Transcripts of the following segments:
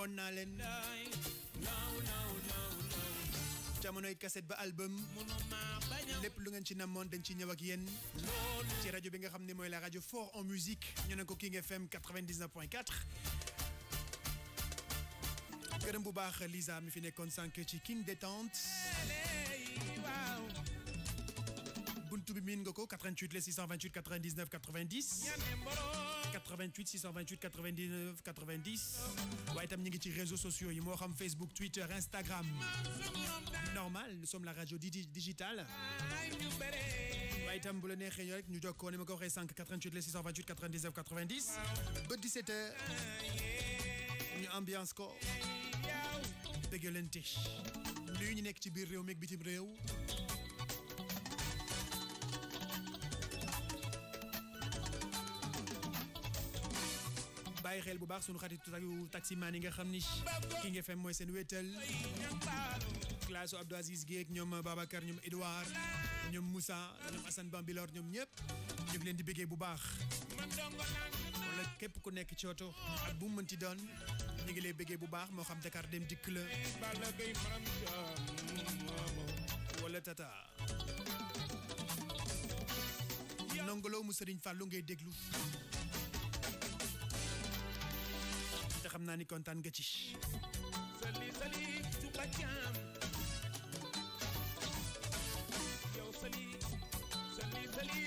onalen jamonoy cassette ba album lepp lu ngeen ci namoon dañ ci ñëw ak yéen ci radio bi nga moy la radio fort en musique ñu nako King FM 99.4 gërëm bu baax Lisa mi fi nekkoon sank ci King détente buntu bi min nga ko 88 les 628 99 90 88 628 99 90 waaye itam ñu ngi ci réseaux sociaux yi moo xam Facebook Twitter Instagram normal nous sommes la radio digitale waaye itam bu la neexee ñoo rek ñu jokkoo ni ma ko 5 88 628 99 90 ba 17 heures ñu ambiance ko déggalante nuyu ñu nekk ci biir réew mi ak bitim réew bàyyi xel bu baax sunu xaritu taximaan yi nga xam ni King FM mooy seen wéetal classe Abdou Aziz Guèye ak ñoom Babacar ñoom Edouard ñoom musa ñoom Assane Bambilor ñoom ñëpp ñu leen di bëggee bu baax wala képp ku nekk ci oto ak bu mu mënti doon ñu ngi lay bëggee bu baax moo xam Dakar dem dikk la wala nongolo mu Serigne Fallou ngay déglu xam naa ni kontaan nga sali sali Touba Thiam. yow sali sali sali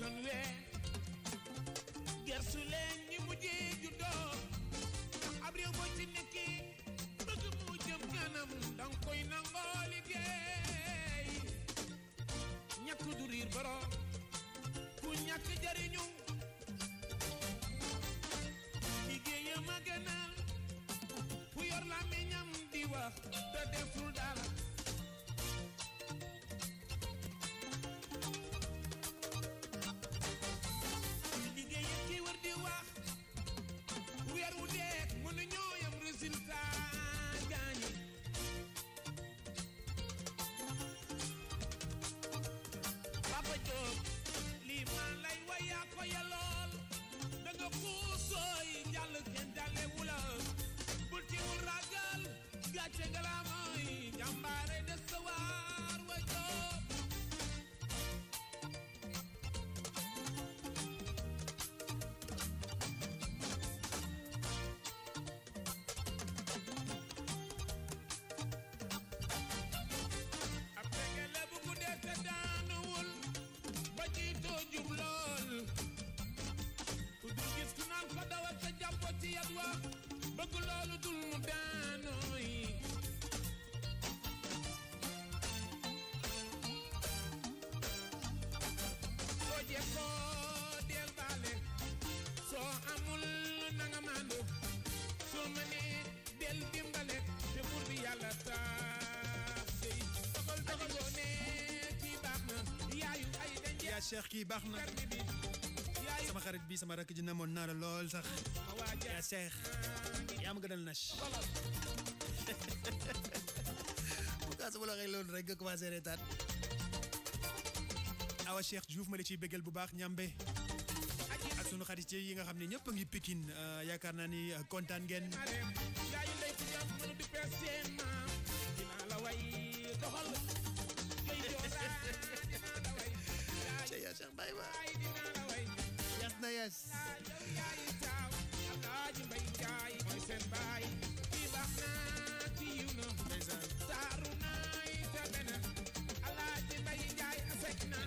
ton wee gersu leen ñi mujjee juddoo ab réew boo ci nekkee bëgg mu jëm kanam Cheikh kii baax na sama xarit bi sama rakk ji namoon naa la lool sax yaa Cheikh yaa ma gënal nash bu kaa sama la waxee loolu rek nga commencé reetaat awa Cheikh Diouf ma la ciy bégal bu baax ñambe ak sunu xarit yi nga xam ne ñëpp a ngi Pikine euh, yaakaar naa ni euh, kontaan ngeen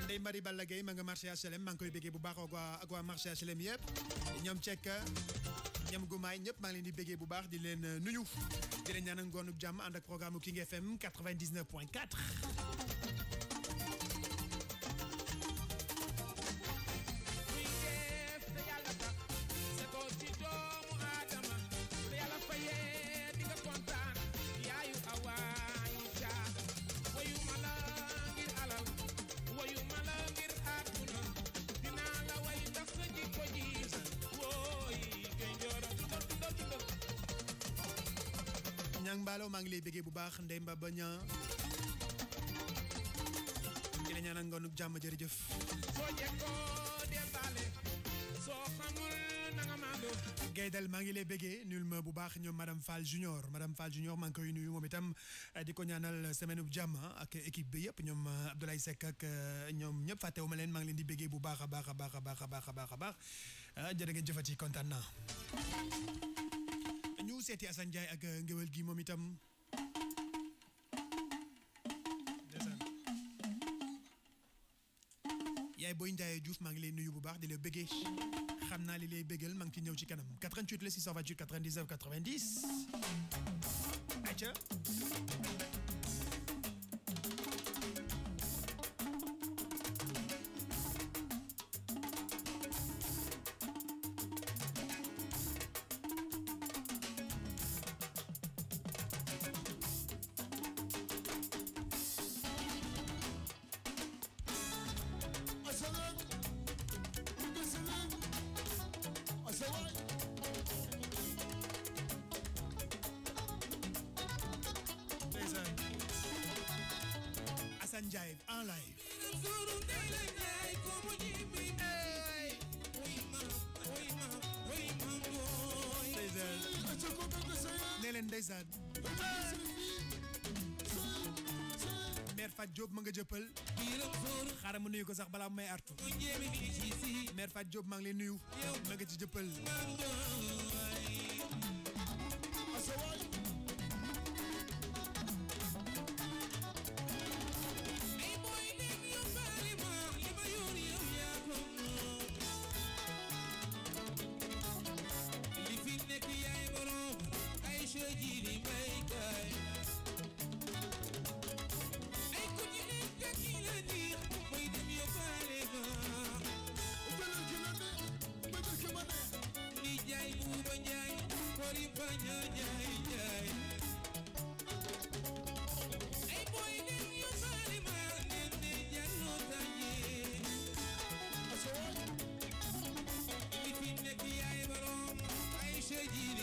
Ndeye Marie Balla Gueye ma nga marché HLM maa ngi koy béggee bu baax ak waa ak waa marché HLM yëpp ñoom cekk ñoom gumaay ñëpp maa ngi leen di béggee bu baax di leen euh, nuyu di leen ñaanal ngoonu jàmm ànd ak programme King FM 99 point 4 baax ndey mba baña ci la ñaanal ngonuk jàmm jërëjëf soo jekkoo dembaale xamul na nga lay nul ma bu baax madame Fall junior madame Fall junior maa koy nuyu moom itam eh, ñaanal semaine bu jàmm ah, ak équipe bi yëpp ñoom eh, Abdoulaye Seck ak eh, ñoom ñëpp fàttewuma leen maa leen di bégee bu baax a baax ngeen jëfati ñu Assane ak gi Boy ndaye Diouf maa ngi lay nuyu bu baax di la bëggee xamna li lay bëggal maa ngi ci ñew ci kanam 88 la 628 99 90 Assane Ndiaye en live. nee leen ndeysaan. mère Fat Diop ma nga jëppal. xaaral ma nuyu ko sax balaa may artu. mère Fat Diop maa ngi lay nuyu. ma nga ci jëppal. cheio de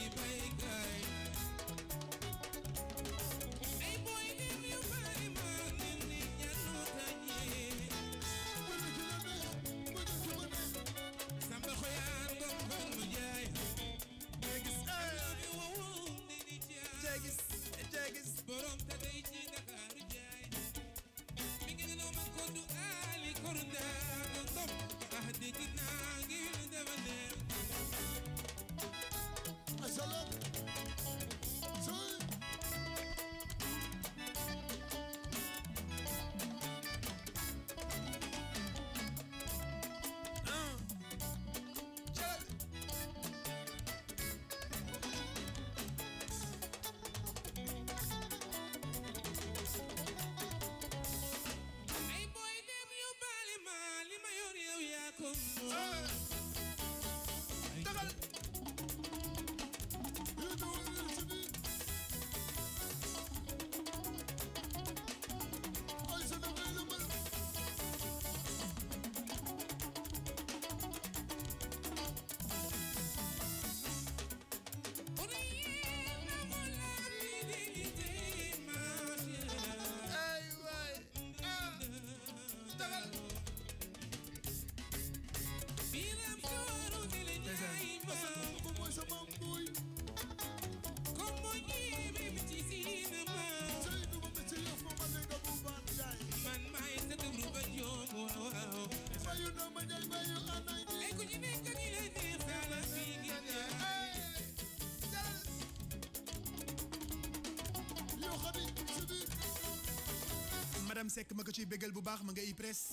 Seck ma ko ciy bégal bu baax ma nga press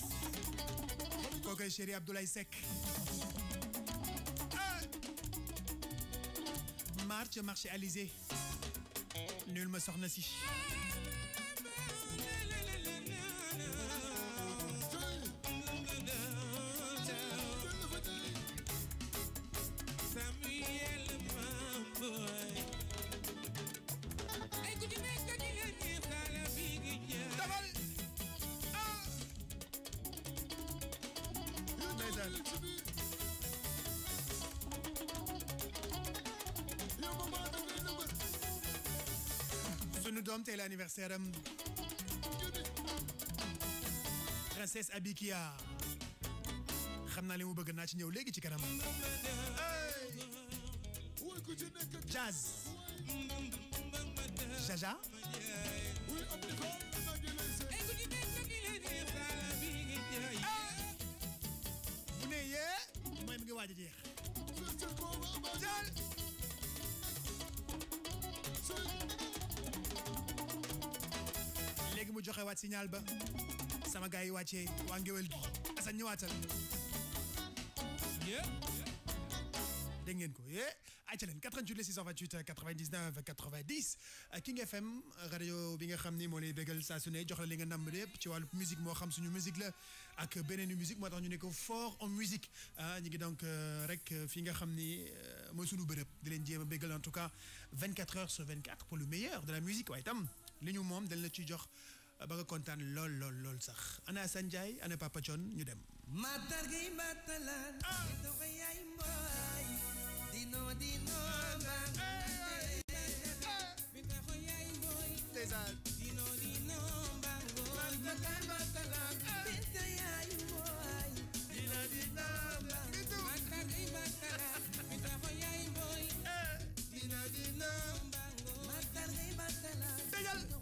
kokay chéri Abdoulaye Seck ah! marche marché Alizé nul me soxna si anniversaire am princesse Abikia xam naa li mu bëgg naa ci ñëw léegi ci kanam jazz jaja waat signal ba sama gaay yi wàccee waa ngéwél gi Assane ñëwaatal yé dégg ngeen ko yé ayca leen 88 628 99 90 King FM radio bi nga xam ni moo lay bégal saa su ne jox la li nga namm lépp ci wàllu musique moo xam suñu musique la ak beneen musique moo tax ñu ne ko fort en musique ah ñu ngi donc euh, rek euh, fi nga xam ni euh, mooy suñu bërëb di leen jéem a bégal en tout cas 24 heures sur 24 pour le meilleur de la musique waaye itam li ñu moom dañ la ci jox. ba nga kontaan lool lool lool sax ana ana Papa ñu dem matar gi matalaan ah! doxe yaay dino dino eh! dino matar matalaan eh! binte yaay mbooy dino dino bango. matar gi matalaan doxe yaay eh! dino dino bango. matar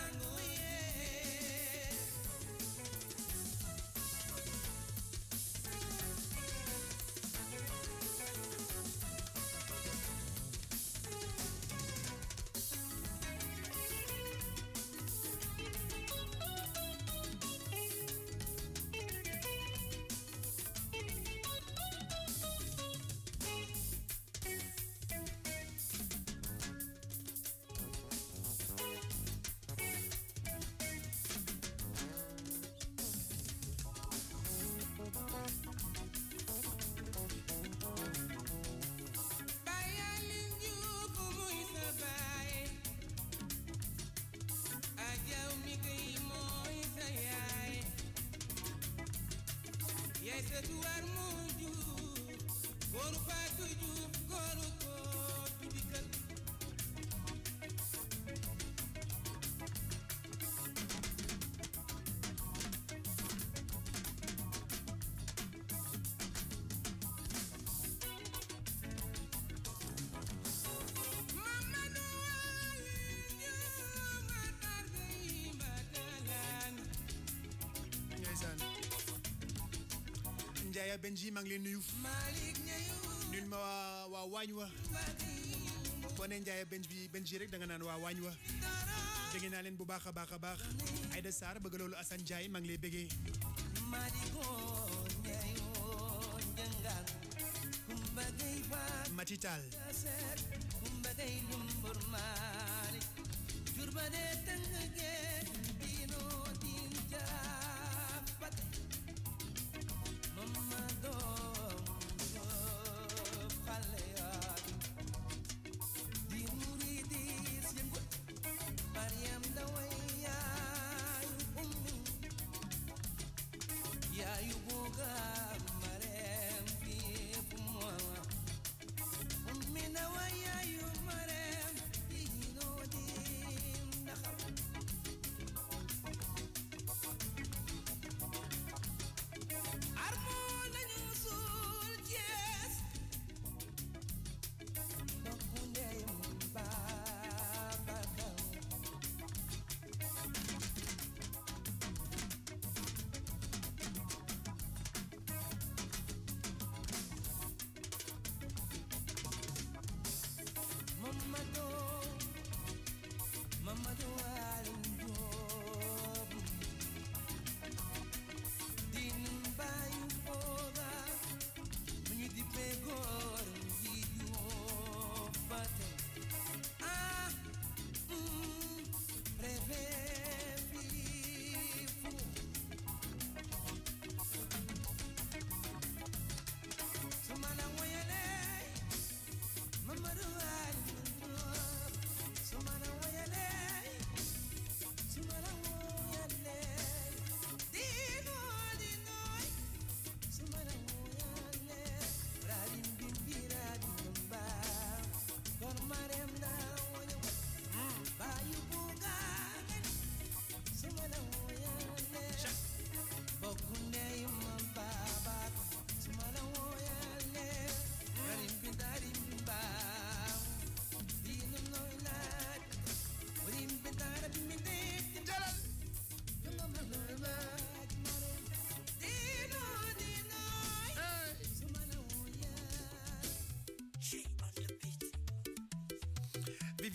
Aya Benji maa nuyu nul ma wa wa wañu wa boo nee Benji Benji rek da nga nan wa wañu wa dégg naa leen bu baakha baakha baax a baax Aïda Sarr bëgg Assane Ndiaye maa lay bëggee matital Mati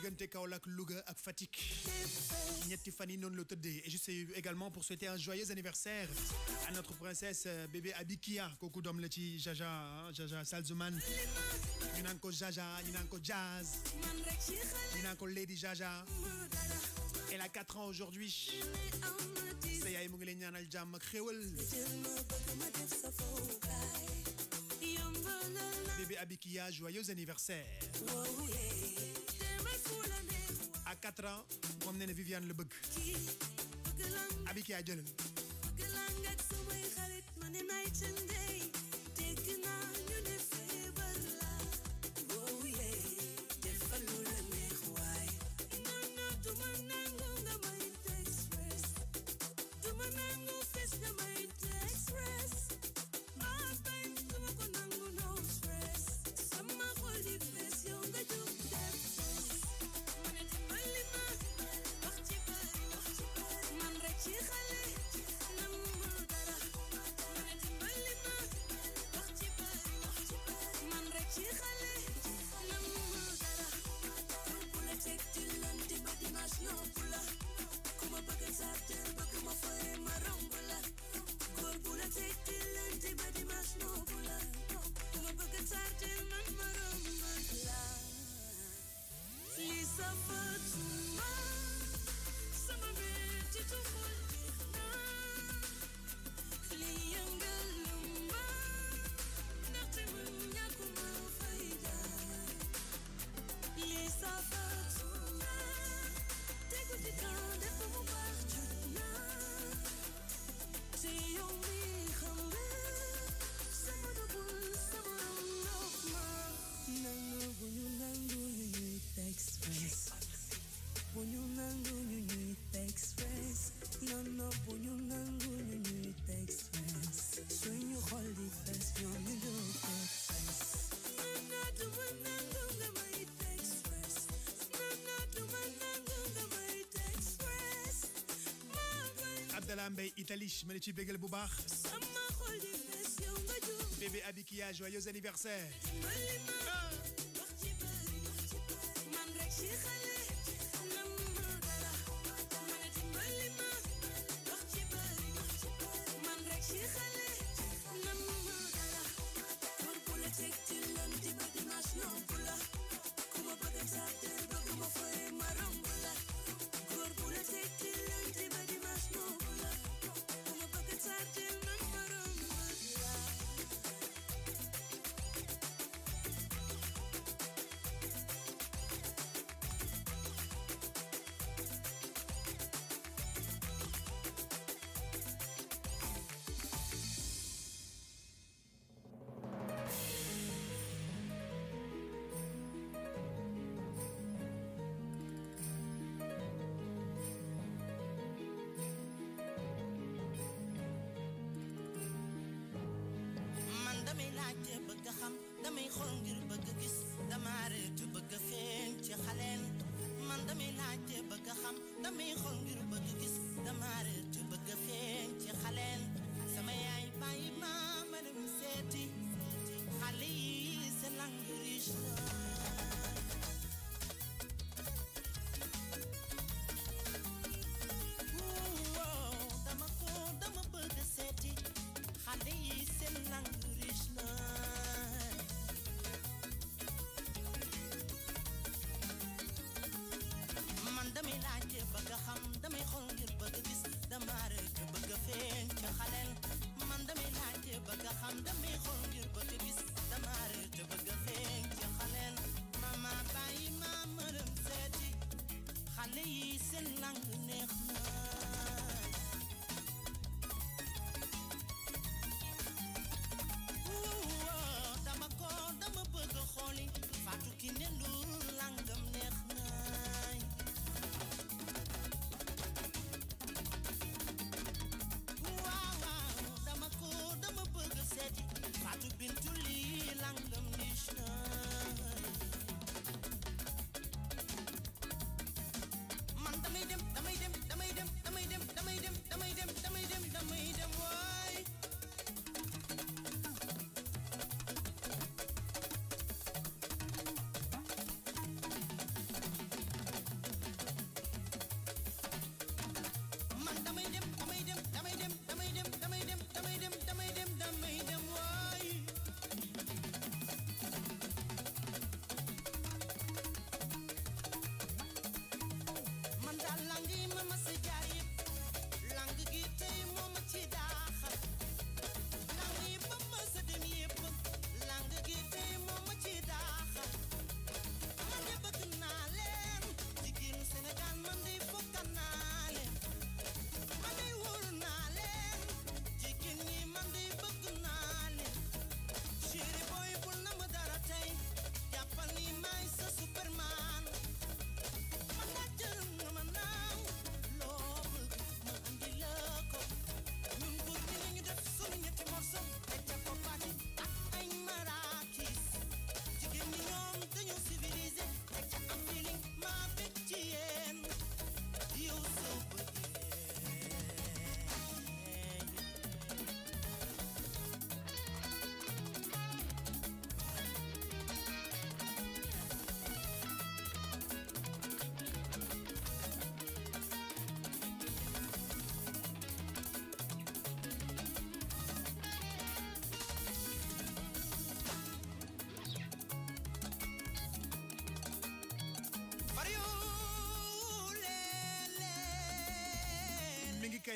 diggante Kaolack Louga ak Fatik je également pour souhaiter un joyeux anniversaire à notre princesse euh, bébé Abikia Koku dom la ci Jaja hein, Jaja Salzuman Ninanko Jaja Ninanko Jazz Ninanko Lady Jaja elle a 4 ans aujourd'hui bébé Abikia joyeux anniversaire quatre ans moom nee na Viviane la bëgg. abi ki a jëlal. bëgg laa nga ak sumay xarit ma ne naay cëndee dégg naa ñu ne Salam Bey Italish ma la ci bégal bu baax bébé Abikia joyeux anniversaire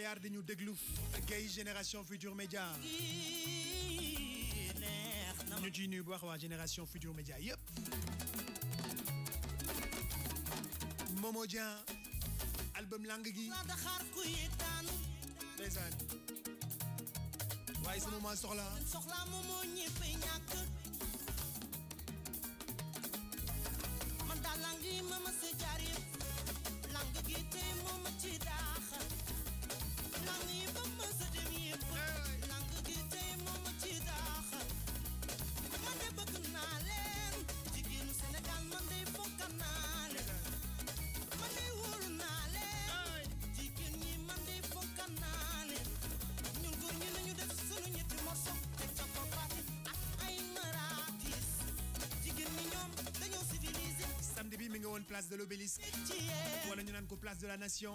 Bayar di ñu déglu gay, génération Futur Média ñu ciy nuyu bu wax génération Futur Média Yep. Momo Dia album lang c'est ndeysaan waaye sama maa là place de l'obélisque voilà nous naan place de la nation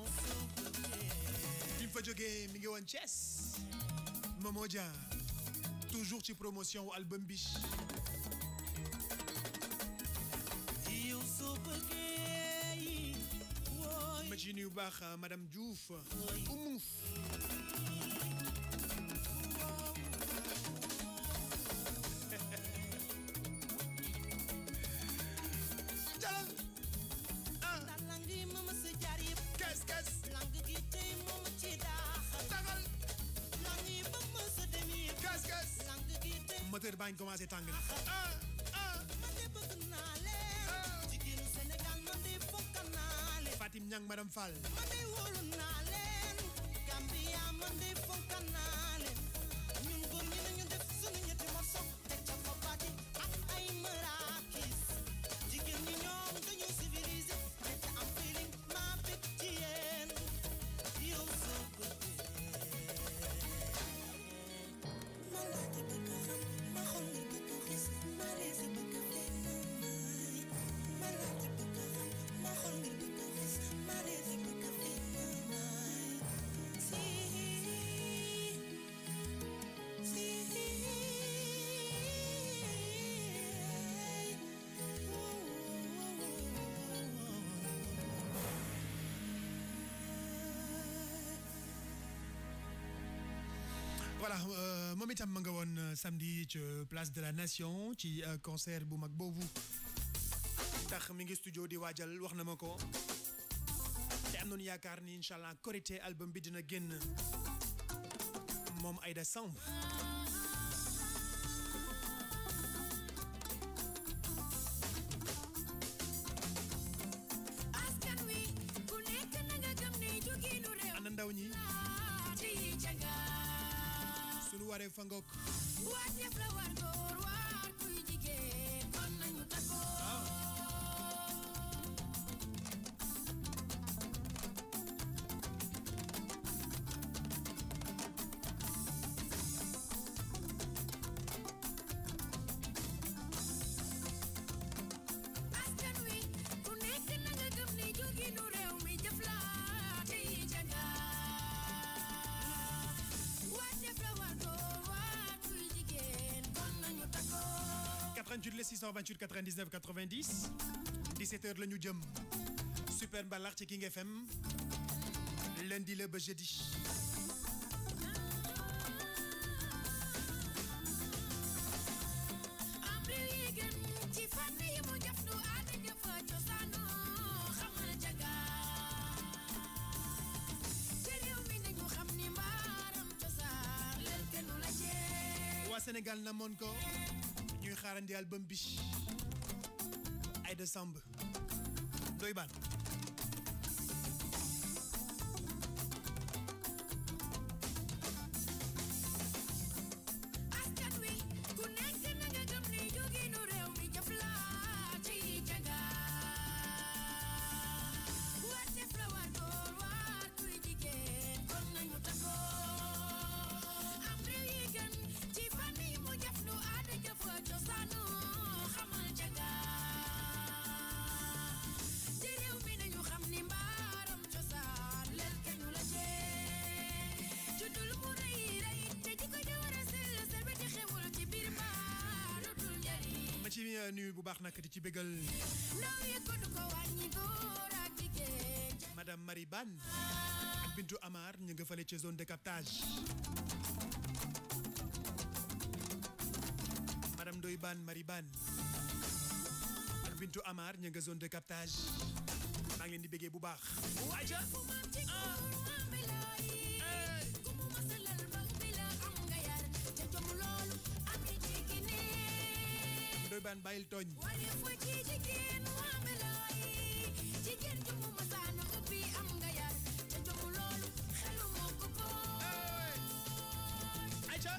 Il faut jouer Miguel en Chess. chess, Momo toujours tu promotion au album biche. Imaginez-vous euh, madame Diouf Oumouf heures baa ngi commencé tàng na. Fatim Ñang madame Fall. voilà euh, moom itam ma nga woon euh, samedi ci euh, place de la nation ci concert bu mag boobu tax mi ngi studio di waajal wax na ma ko te am nañu yaakaar ni incha allah korité album bi dina génn moom Aïda Samb 628 le 628 99 90 17h le New jëm Super Ballard ci King FM lundi le Budget jeudi indi album bi Aïda Samb Ndoye Bane la bu nak di ci bégal madame marie bintu amar ñu nga falé ci zone de captage madame doy ban bintu amar ñu zone de captage ma di bégé bu baax ah Thioban bàyyil tooñ ay ca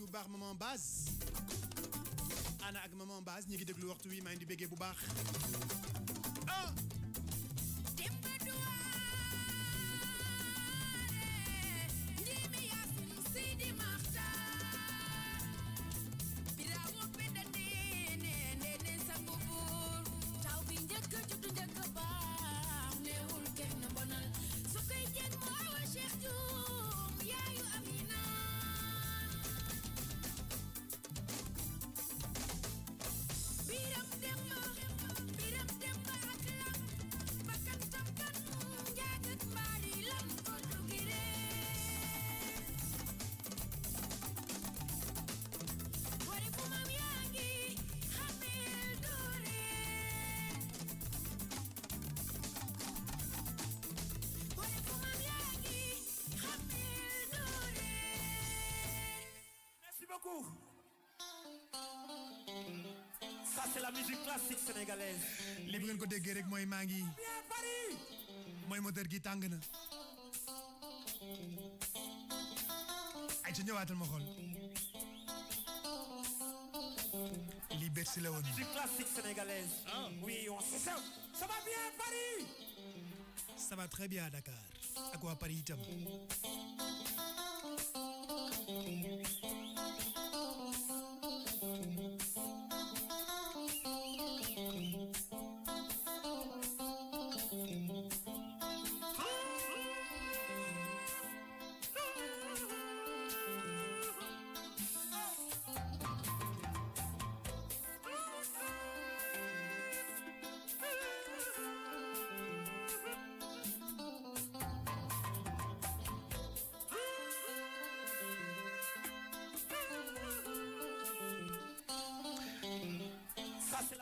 ci bu baax maman Baz ana ak maman Baz ñu ngi déglu waxtu wi maa ngi di béggee bu baax c'est la musique classique sénégalaise. li bu bien ko moi, rek mooy maa ngi. mooy moteur gi tàng na. ay ci ñëwaatal ma xool. lii bët la musique classique sénégalaise. ah oui on sait ça. ça va bien Paris. ça va très bien Dakar. À quoi Paris itam.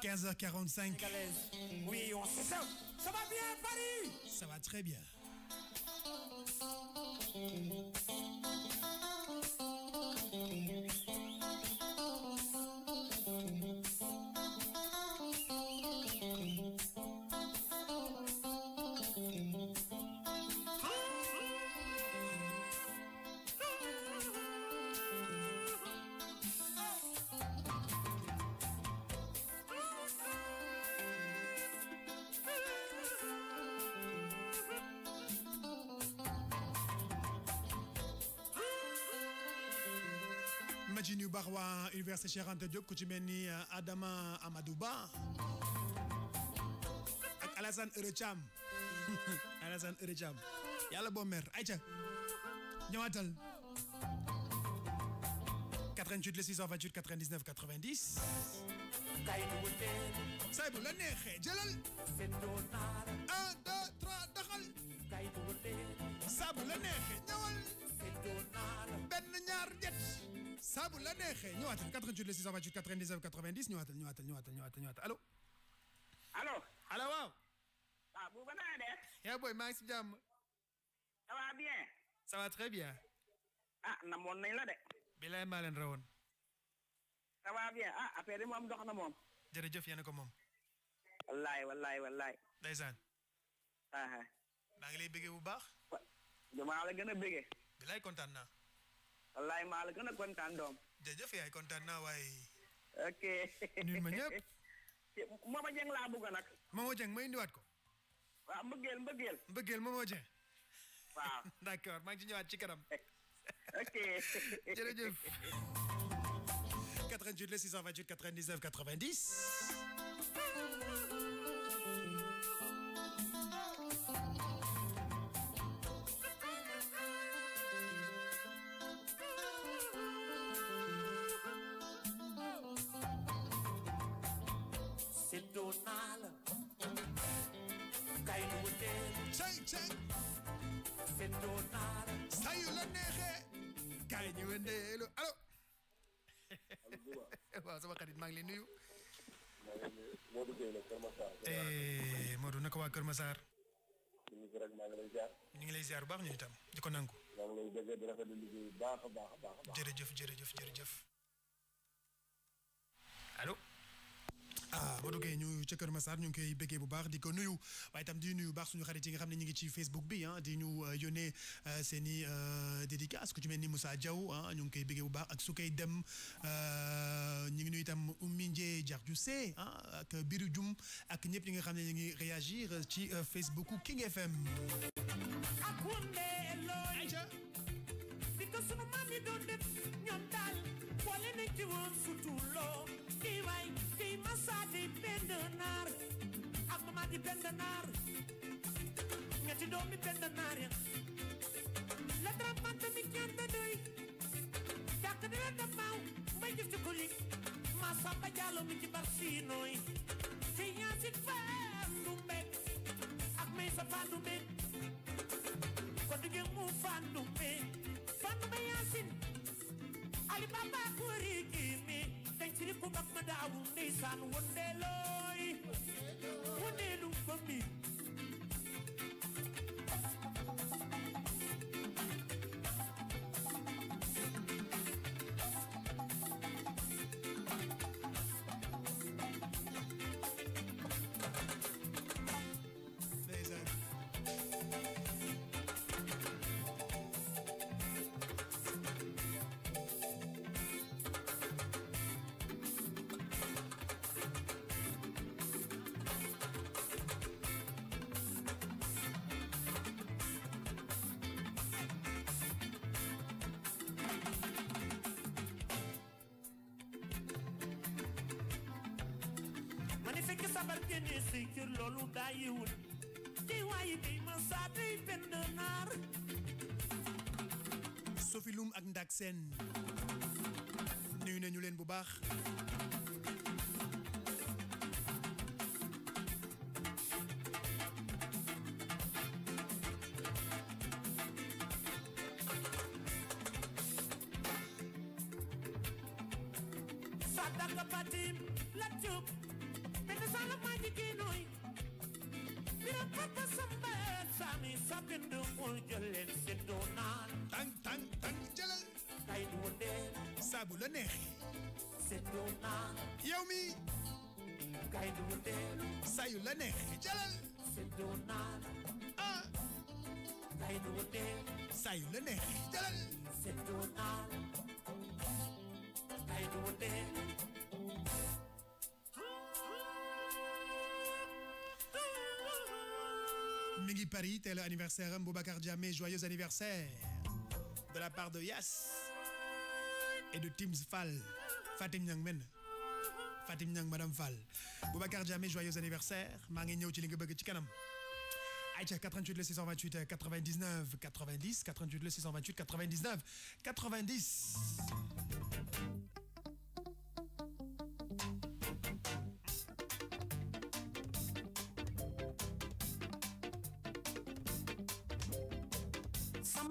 15h45. Oui, on sait ça. Ça va bien, Paris Ça va très bien. Merci Cheikh Anta Diop que tu mel ni Adama Amadouba. Ba ak Alassane Eure Thiam Alassane Eure Thiam yàlla boo mer ayca 88 le 628 99 90 Saibou, bu la neexee jëlal ah la neexee ñëwaatal 628 99 90 à ñëwaatal ñëwaatal ñëwaatal ñëwaatal allo. allo. allô waaw. Allô. Allô. yeah ngi jam ça va bien. ça va très bien. ah namoon nañ la de. ça va bien ah après yi moom dox na mon jërëjëf ko wallahi wallahi ma ngi lay bu baax. la gëna wallaay maa la gën a kontaan doom. jërëjëf yaay kontaan naa waaye. ok. nuyu ma ñëpp. laa bëgg nag. Momo Dieng ma indiwaat ko. waaw mbëggeel mbëggeel. mbëggeel Momo Dieng. waaw maa ngi ci ñëwaat ci kanam. ok. jërëjëf. 88 la 628 leen ceng ceng seen sayu la neexee kaay ñu wëndeelu allo waaw sama xarit maa ngi lay nuyu Modou Gueye la Kër Massar naka waa Kër Massar ñu ngi lay ziar ñu ngi lay ziar baax ñu itam di ko nangu maa ngi lay bëgg di rafetlu liggéey bu ah ba duggee ñu ci Kër Massar ñu ngi koy béggee bu baax di ko nuyu waaye tam di nuyu baax suñu xarit yi nga xamné ñi ngi ci Facebook bi ah di ñu euh, yone euh, seen i euh, dédicace ku ci mel ni Moussa Diaw ah ñu ngi koy béggee bu baax ak su koy dem euh ñi ngi nuyu itam Oumy Ndié Diardiou Sé ah ak Biru Djum ak ñepp yi nga xamné ñi ngi réagir ci Facebooku King FM. ayca. Elini tiwon sutulo Tiwai Timasa dipendenar Akmama dipendenar Ngeti domi pendenar La trapanta mi kianta doi Yakadela da mau Mbai jif chukulik Masa vai, mi kibarsinoi Tinha si fandu mek Akmei sa vai mek Kodigeng mu fandu mek Fandu mek yasin bem assim. alibaba Kuri Kimi, Tentiri kubak mada awun nisan wonde loy Wonde lu fami sabar gën a sécure loolu daayiwul te waaye day ma saa tey benn naar Sophie Loum ak Ndak Sène nuyu nañu leen bu baax Bete sala majike noy Mira papa samba Sami sapindu Mul jëlel seddo naan Tang tang tang jëlal Kay du wëndeel Saabu la neex Seddo naan la neex jëlal Seddo naan Ah Kay du wëndeel Sayu la neex jëlal Seddo naan Kay du wëndeel mi Paris tel anniversaire un Boubacar joyeux anniversaire de la part de Yas et de Tims Fall Fatim Nyang Fatim Nyang madame Fall Boubacar Diamé joyeux anniversaire Mangi ngi ñëw ci li nga 88 le 628 99 90 88 le 628 99 90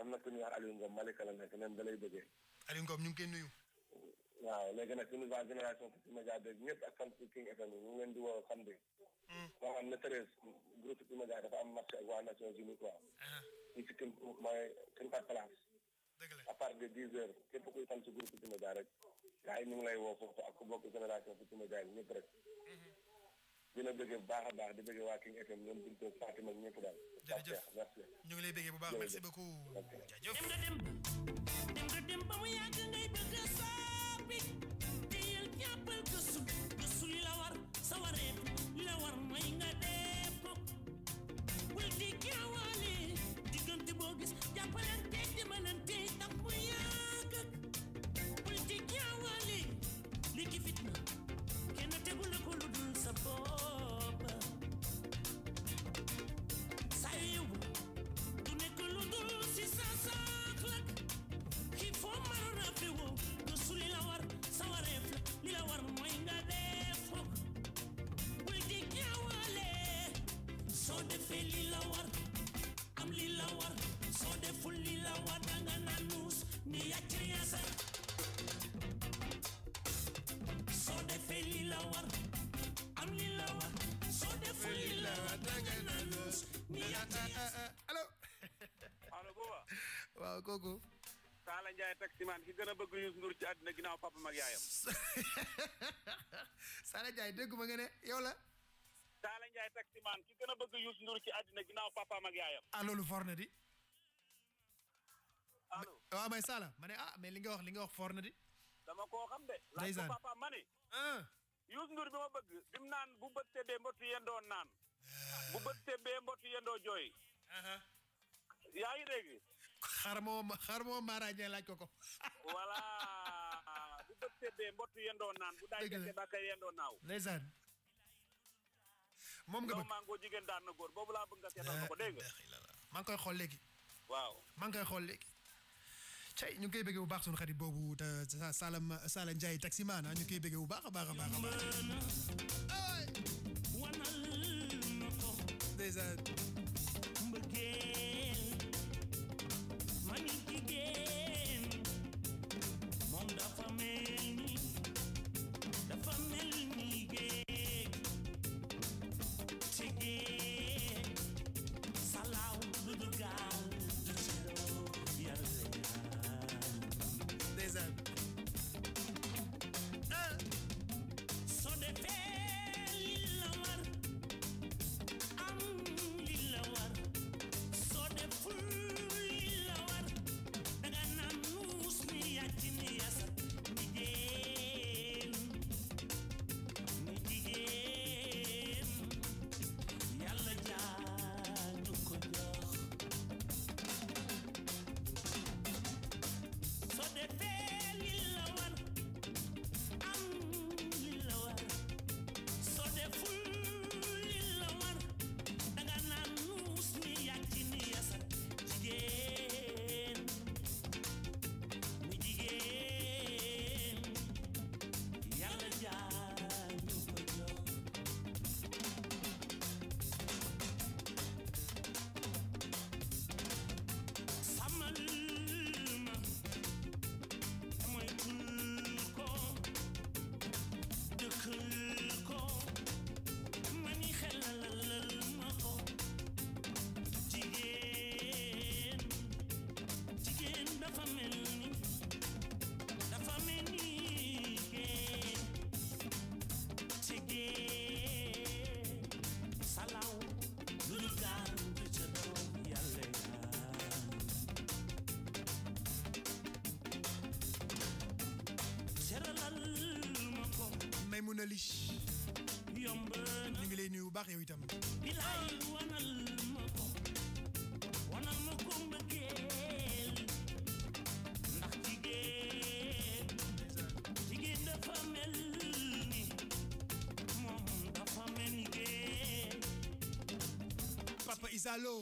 am na ku ñuy wax Aliou Ngom Malika la nekk même da lay bëggee. Aliou Ngom ñu waaw léegi nag suñu waa génération Futurs Médias beeg ñëpp ak fan si King FM ñu ngi leen di woo samedi. Hmm. moo xam ne Thérèse groupe Futurs Médias dafa am marché ak waa Nations Unies quoi. Ah. ñu si kii mooy par place. dëgg de dix heures képp kuy fan si groupe Futurs Médias rek. gars yi ñu ngi lay woo foofu ak ku bokk génération Futurs Médias yi ñëpp di la bëggee bu baax a baax di bëggee waa King FM ñoom Bintu Fatima ñëpp daal. jërëjëf dem nga dem dem ba mu yàgg ngay bëgg a soppi téyel ñàppal gëstu gëstu li la war sa waree li la war may nga def ko bul di gaawaale diggante boo gis jàppalante defe lila war am lila war soo deful lila war danga naan nuus ni yàcciriya sa soo defee lila war am lila war soo deful lila war danga naan nuus ni yàcciriya sa allo allo booba waaw kooku Saala Ndiaye taximaan ki gën a bëgg Youssou Ndour ci àddina ginnaaw papa mag yaayam Saala Ndiaye déggu nga ne yow la Baye Ndiaye taximaan ki gën a bëgg Youssou Ndour ci àddina ginnaaw papaam ak yaayam. ah loolu for na di. allo waaw Baye Sala ma ne ah mais li nga wax li nga wax for na di. dama koo xam de. ndeysaan laaj ko papaam ma ne. Ah. Youssou Ndour bi ma bëgg. bi mu naan bu bët tëddee mbottu yendoo naan. Ah. bu bët tëddee mbottu yendoo jooy. yaa ngi dégg. xar moo xar moo maaraañee laaj ko ko. voilà bu bët tëddee mbottu yendoo naan bu daay jotee ba kay yendoo naaw. ndeysaan. moom nga bëgg mango jigéen daan na góor boobu laa bëgg nga seetal ma ko eh, eh, eh, maa ngi koy xool léegi waaw maa ngi koy xool léegi cay ñu ngi koy bëggee bu baax sunu xarit boobu Salam Salam Ndiaye taximaan ah, ñu ngi koy bëggee bu baax a baax a baax a baax Ly ñu ngi lay nuyu bu baax yow itam Papa Isalo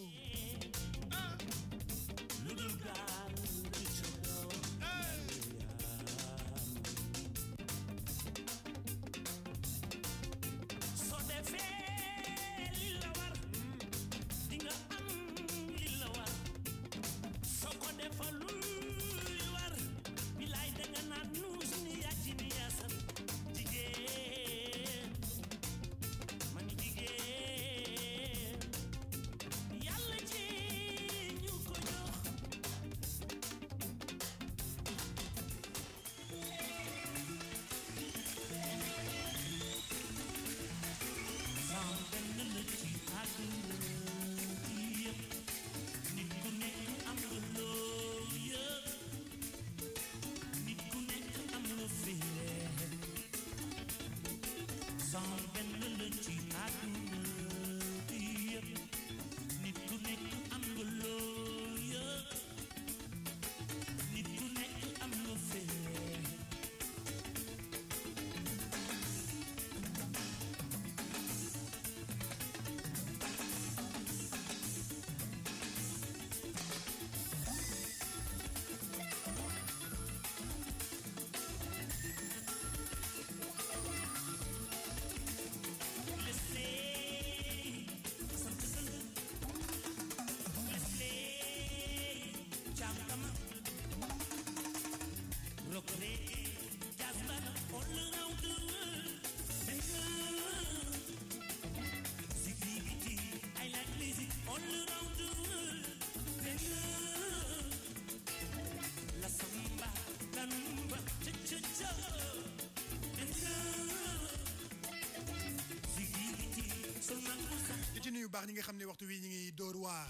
baax ñi nga xam ne waxtu wi ñu ngi dóor waar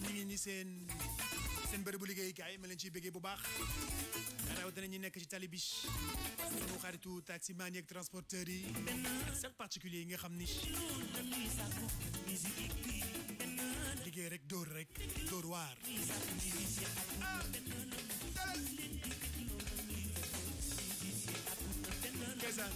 ñu ngi ni seen seen bërëbu liggéeyukaay ma leen ciy bëggee bu baax rawatina ñi nekk ci tali bi sunu xaritu taximan yeeg transporteur yi ak sax particulier yi nga xam ni liggéey rek dóor rek dóor waar ndeysaan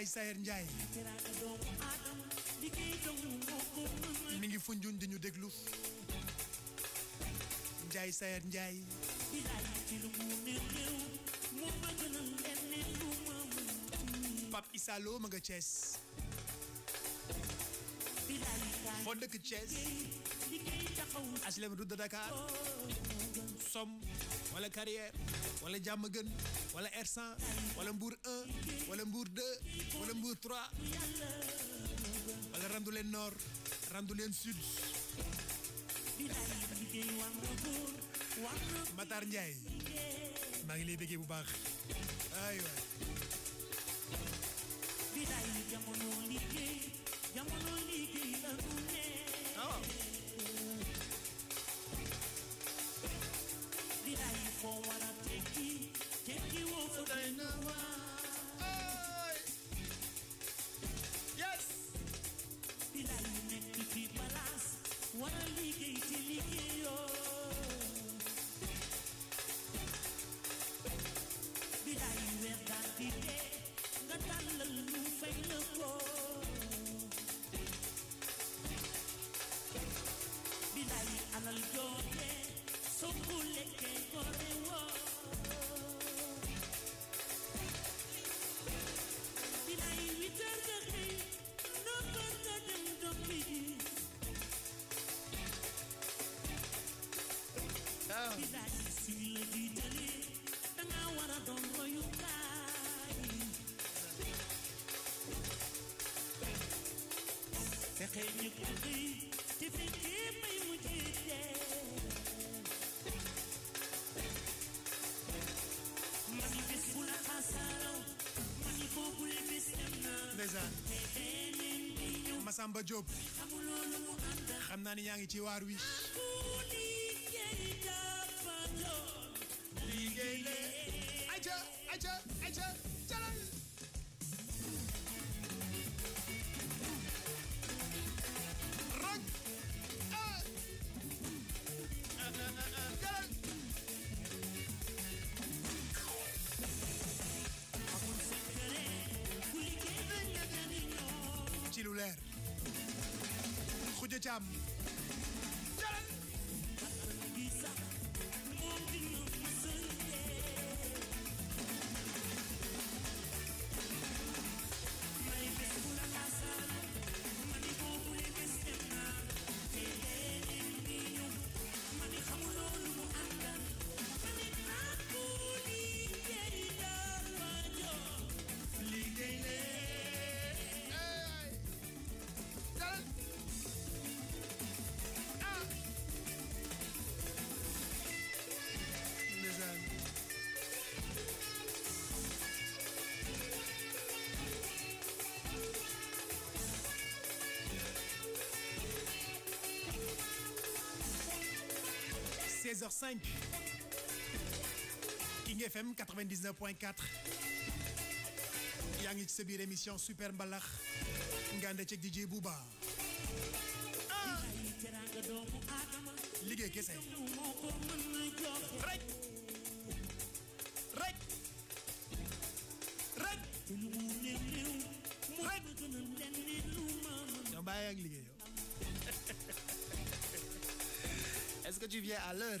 Ndiaye Saer Ndiaye mi ngi funjun di ñu déglu Ndiaye Saer Ndiaye Pape Issa Lo ma nga Thiès foo dëkk Thiès HLM route Dakar som, wala Carrière wala Diamaguène wala R100 wala Mbour 1 wala Mbour 2 wala Mbour noor rantu Randoulène Nord Randoulène Sud Matar Ndiaye maa ngi lay déggee bu baax aywa jamono liggéey jamono Masamba Diop xam naa ni yaa ngi ci waar wi Job. 15h05 King FM 99.4 yaa ngi ci sa biir émission super mbalax nga ànd ceeg DJ Bouba ah. tu viens à l'heure.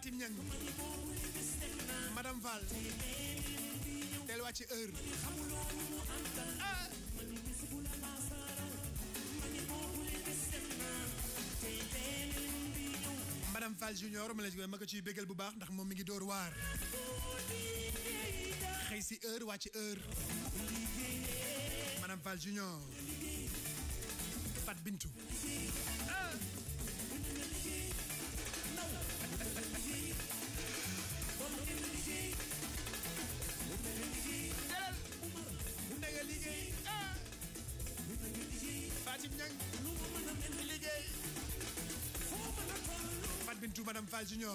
Fatim Niang madame Fall teel ah! junior ma la ma ko ciy bégal bu baax ndax moom mi ngi door waar xëy si heure wàcc heure junior Fall Junior.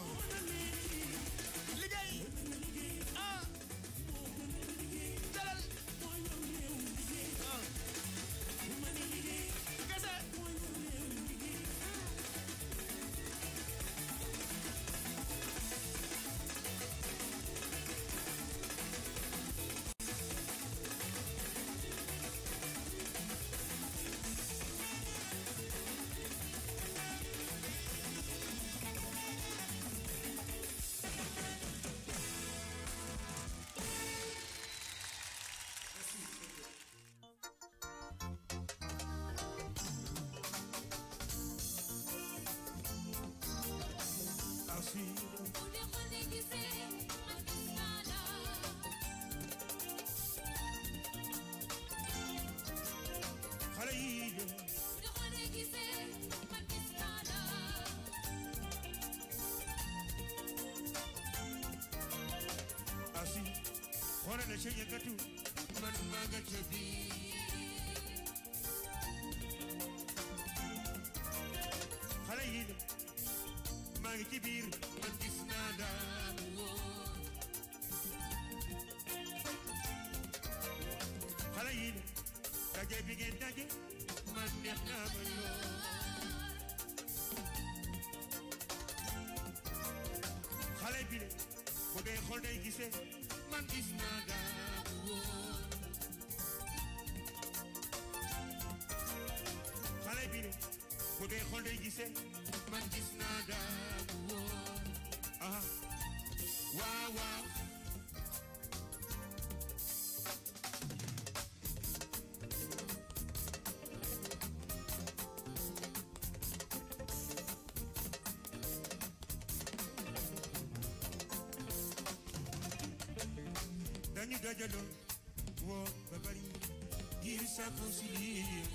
ca yëngatu man maa nga ca biir xale yi ne maa ngi ci biir man gis naa daal woon xale yi ne daje bi ngeen daje man neex naa ma lool xale bi ne bu dee xool day gisee man gis naa daal say, man jis na damu Ah, wow, wow Dani gajalo, wo babari, girsa fosili,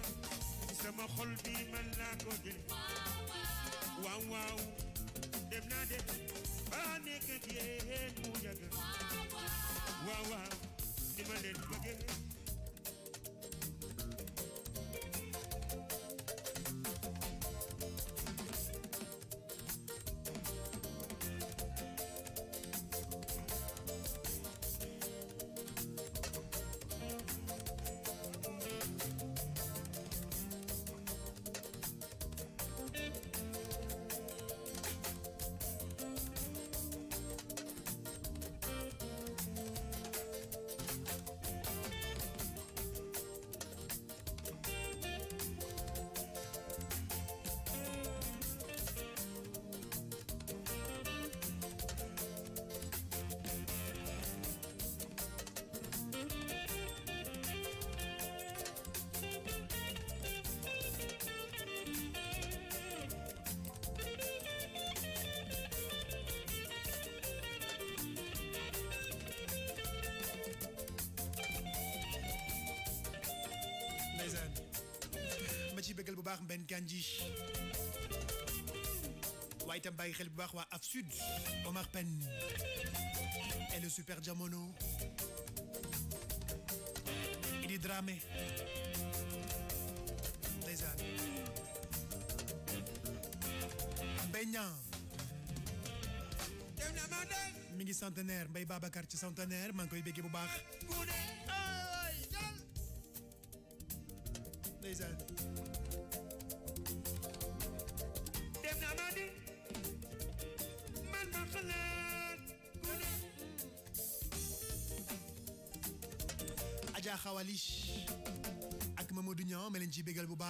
sama xol bi man laa ko jël waaw waaw dem naa ba nekk ak yéen mu yàgg waaw waaw di ma leen ci bëggal bu baax Mbengue Kandji waaye itam bàyyi xel bu baax waa af sud Omar Pène et le super jamono il Dramé ndeysaan Beñan mi ngi centenaire Mbaye Babacar ci centenaire maa ngi koy bu baax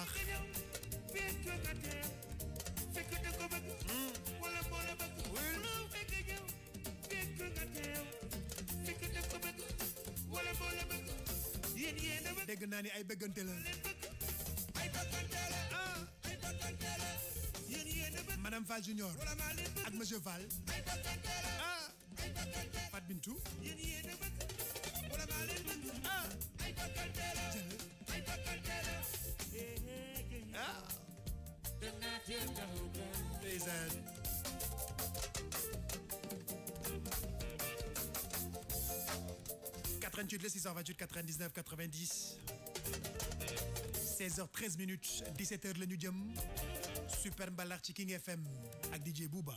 baax. dégg naa ni ay bëggante la. Ah. madame Fall Junior ak monsieur Fall. Catherine le 628 99 90 16h13 minutes 17h le nudium. Super Mbalar King FM avec DJ Bouba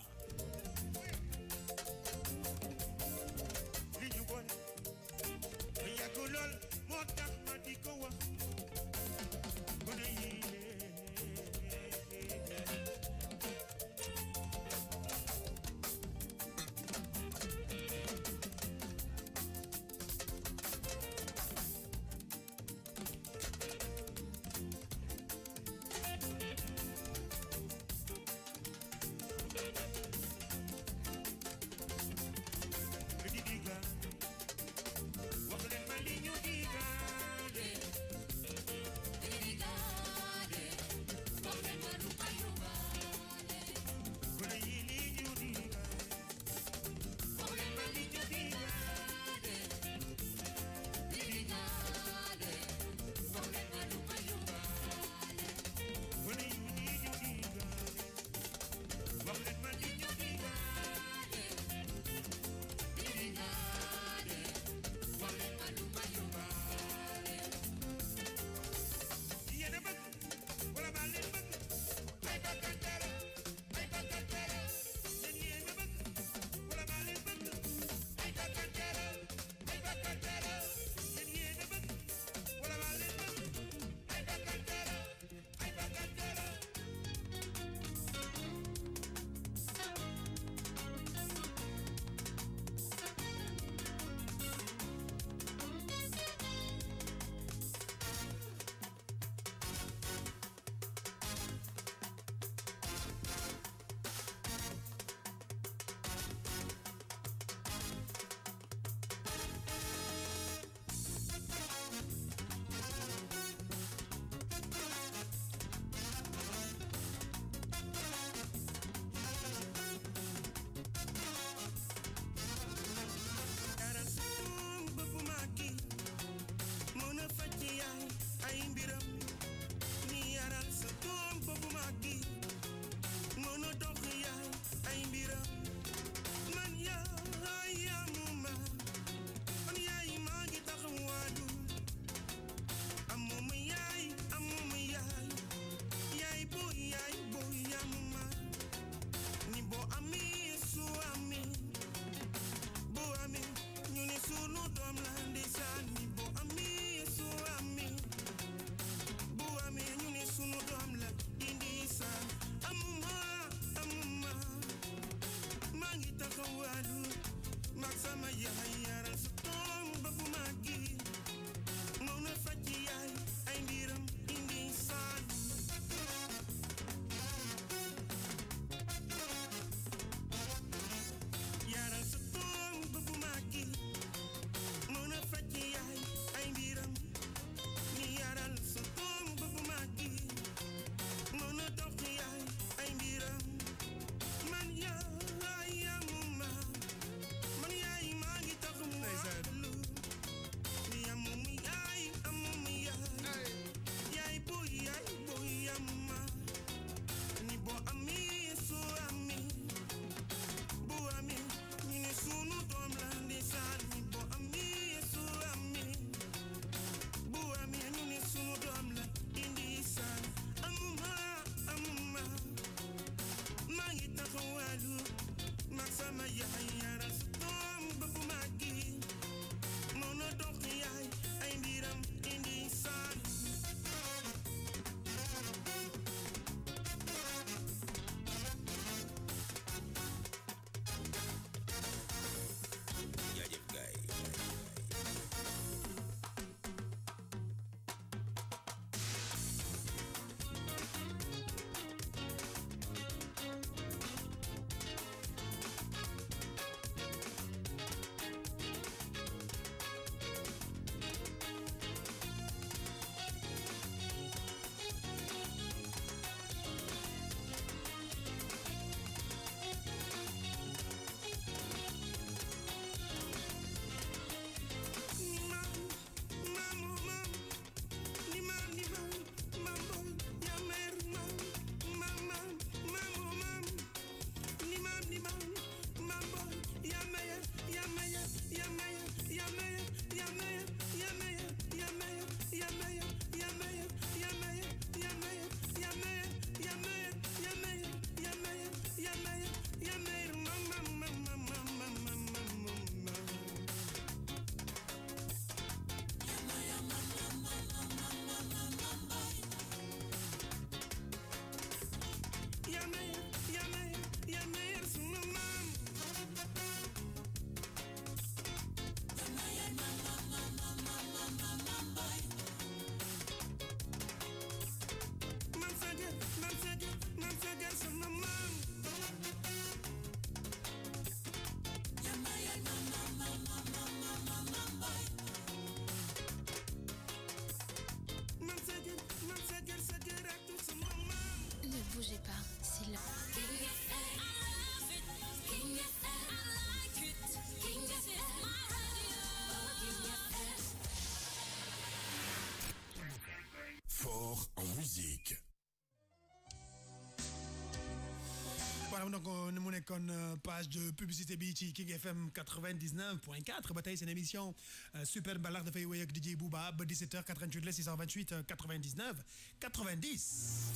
donc on sur une euh, page de publicité BT King FM 99.4 bataille c'est une émission euh, super ballard de wéy DJ Bouba 17h88 628 99 90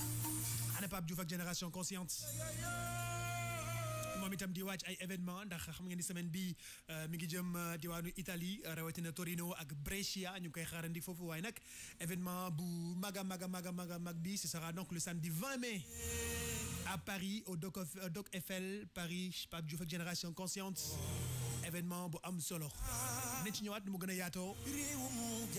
ana Pape du ak génération consciente moom itam di wàcc un événement ndax xam semaine bi euh, mi ngi jëm en Italie rawatina Torino ak Brescia ñu ngi koy xaarandi foofu événement bou maga maga maga maga mag ce sera donc le samedi 20 mai à Paris au Doc, euh, Doc FL Paris Pape Diouf ak Génération Consciente événement pour am solo ne ci ñëwaat Yato. mu gën a yaatoo réew mu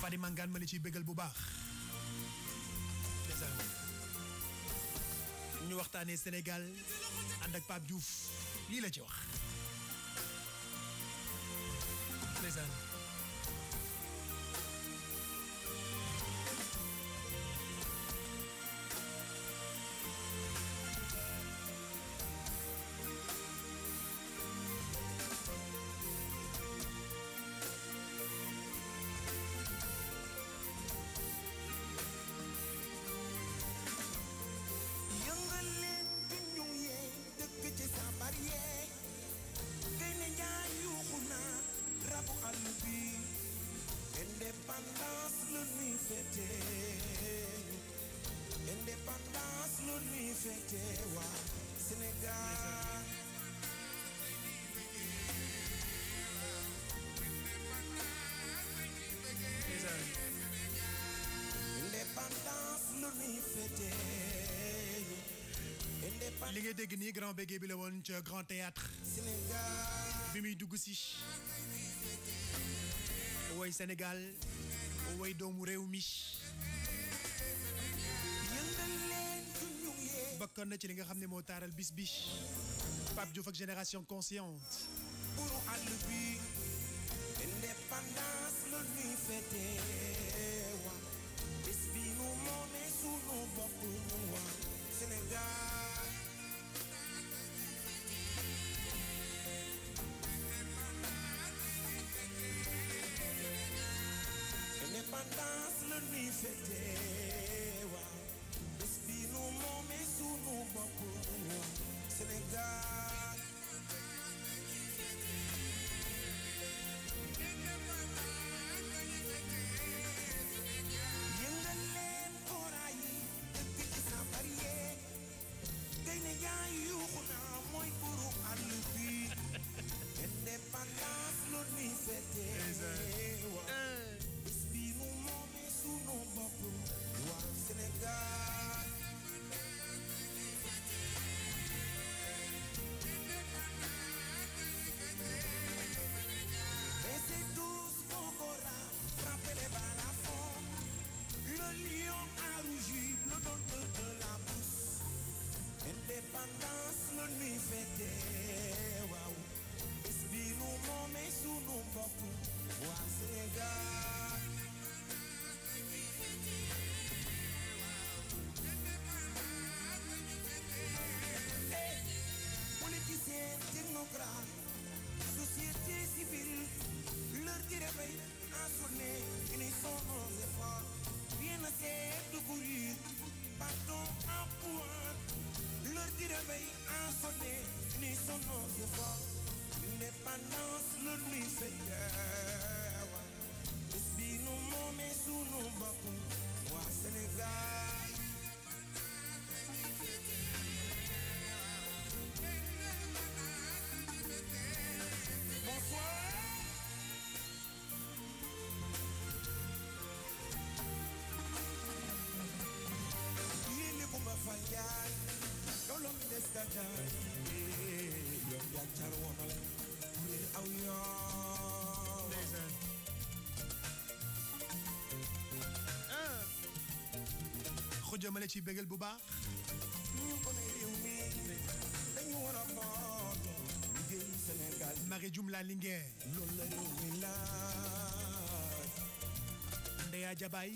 Fadi bégal Sénégal Andak pas Pape Diouf Lila la ci dernier grand bégué bi la woon grand théâtre bi muy dugg si Sénégal woy doomu réew mi bokkoon na ci li nga xam ne moo taaral bis Pape Diouf ak génération consciente pour àll bi indépendance la ñuy fete wa bis bi nu moomee sunu bopp ñu wa Sénégal perfect day. daan yee yoon yàccal woon la kuréel aw yoon ndeysaan xuja ma la ci bégal bu baax ñu gone réew mi dañu war a booloo liggéey Sénégal Marie Dioum la Linguère loolu la réew mi laaj Ndeya Jabaay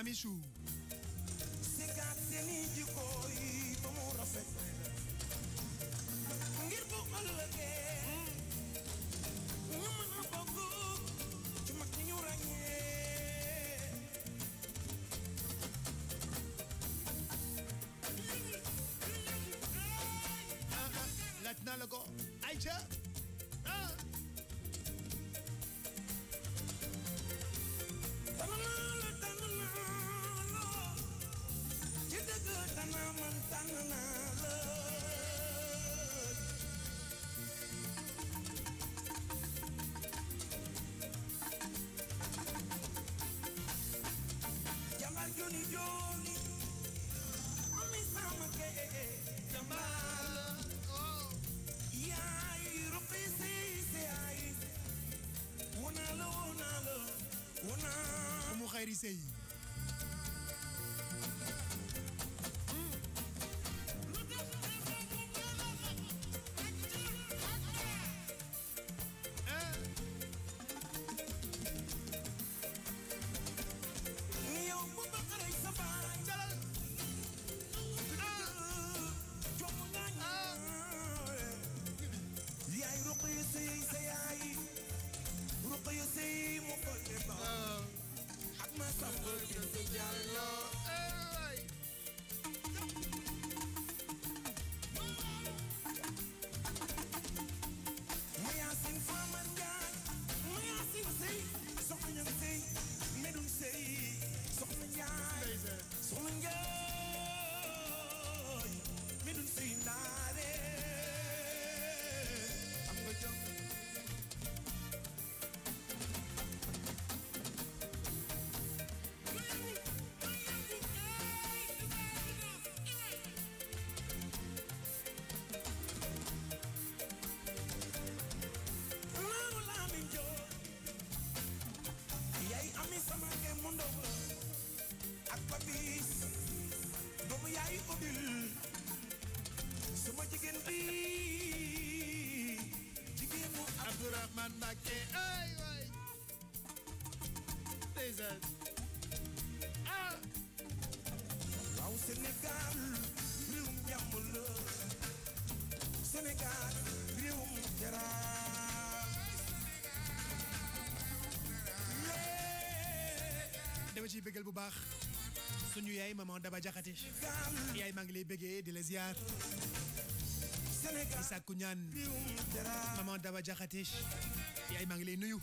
Mamichou. 16. Ai, vai! Seis anos. Ah! waaw Sénégal réewum jàmm la Sénégal réewum teraanga. dama ciy bëggal bu baax suñu yaay maman Daba Jaxate yaay maa ngi lay bëggee di la ziar. Sénégal Issa Kouniane maman Daba Jaxate I'm alleen you.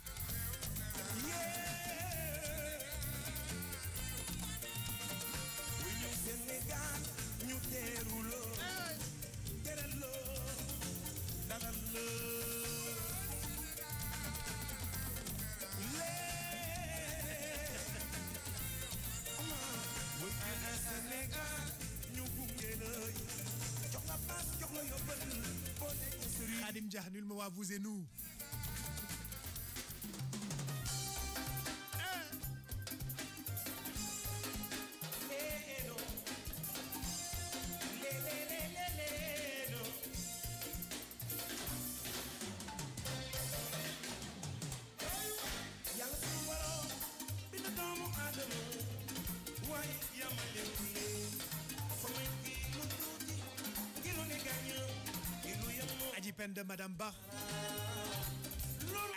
Madame de Madame Ba.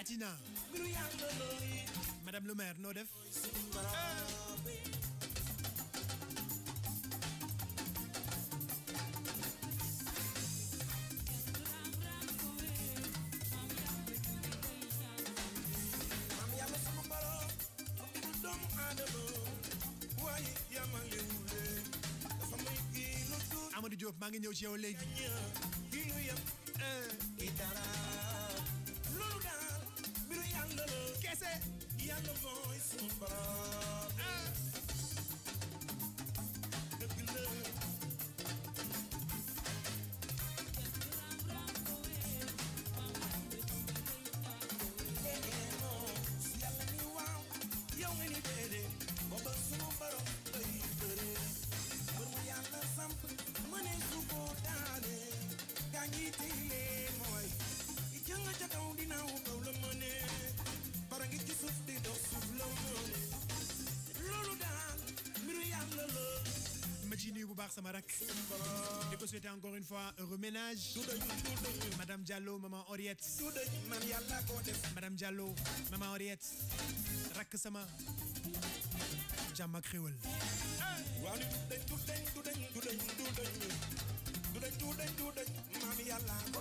Atina. Madame le maire, no def. Amadou Diop hommage. madame Diallo maman Henriette. madame Diallo maman Henriette. rakk sama jàmm ak xéwal. du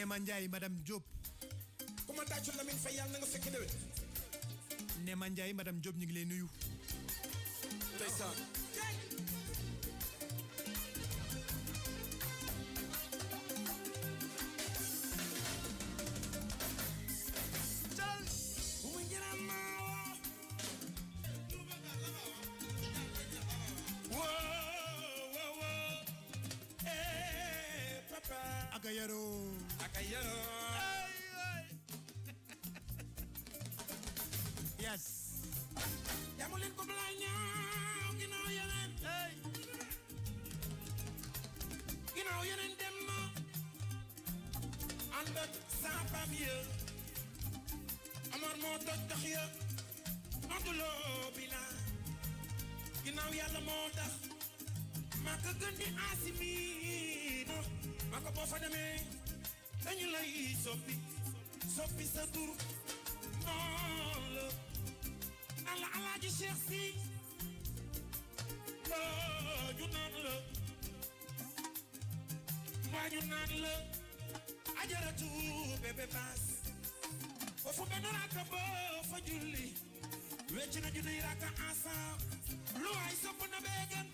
Néema Ndiaye madame Diop. ku ma tàccul Lamine Faye yàlla na nga fekk déwén. Néema Ndiaye madame Diop ñu ngi lay nuyu. xat ya amar moo toj tax ya matuloo bi la ginnaaw yàlla moo tax maa ko gën di asimi maa ko boo fa demee dañu lay soppi soppi sa tur moom la ala alaaji Cheikh si ba naan la ba ñu naan la ajaratu bébé baas foofu benn rakka ba fa julli wecc na junniy rakka ensemble lu waay sopp na beegan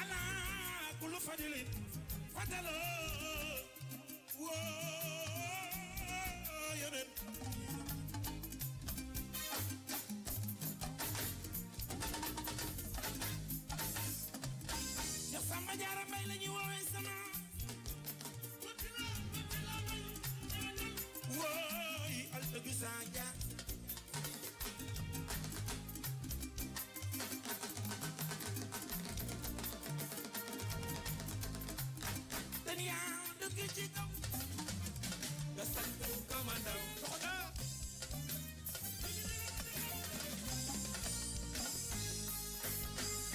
alaa kullu fadilin fadalo woo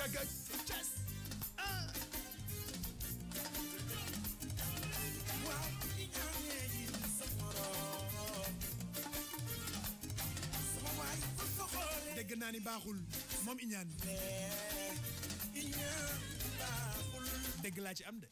gëj Thiès ah. waaw li ñu amee ji sama morom sama waay bu ko xoolee. dégg naa ni baaxul moom iñaan. iñaan baaxul. dégg laa ci am de.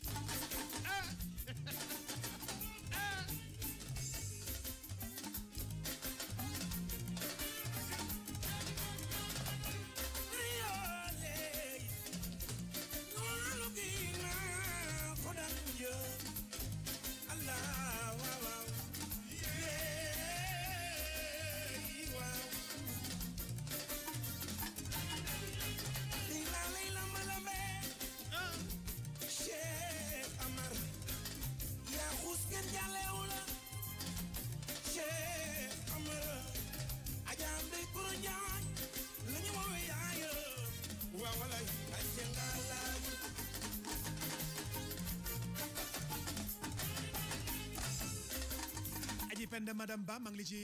Penda madame Ba maa li ci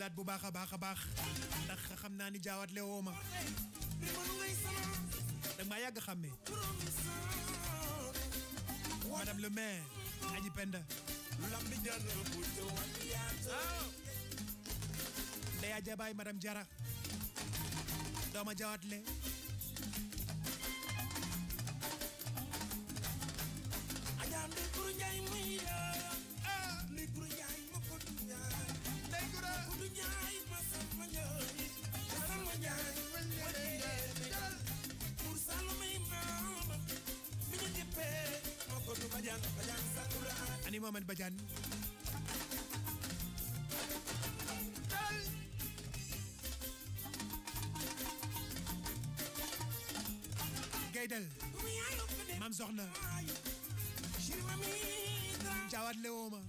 laat bu baax a baax a baax ndax xam naa ni jaawatle woo ma maa yàgg xàmme madame le maire aji Penda ndey ajabaay madame Jara dooma jaawatle Mohamed Badiane Gaydel Mam Soxna Jawat Lewoma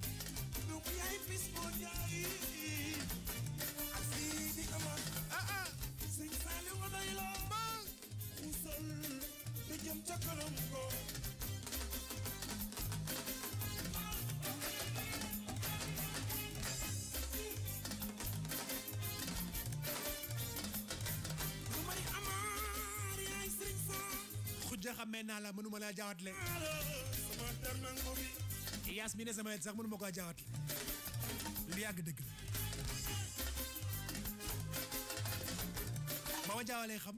xàmmee naa la mënuma laa jaawatle yaas mi ne sama yet sax mënuma koo jaawatle lu yàgg dëgg la ba ma jaawalee xam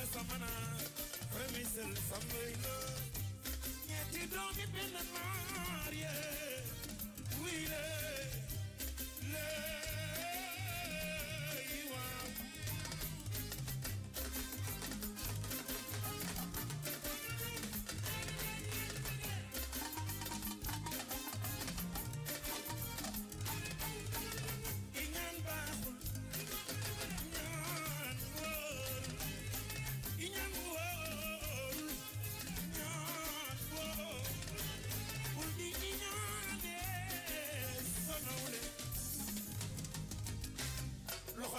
I'm naa remisel sama yi la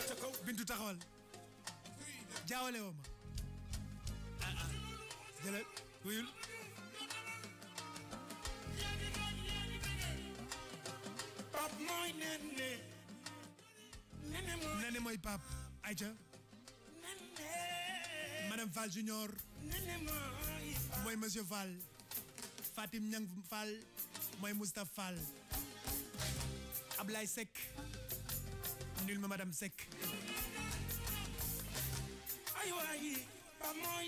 taxawal ca bintu taxawal jaawale woo ma ah ah mooy nenne nenne mooy pap ayca madame Fall junior mooy monsieur Fall Fatim Ñang Fall mooy Moustapha Fall Ablaye Seck nul ma madame Seck ay waayi ba mooy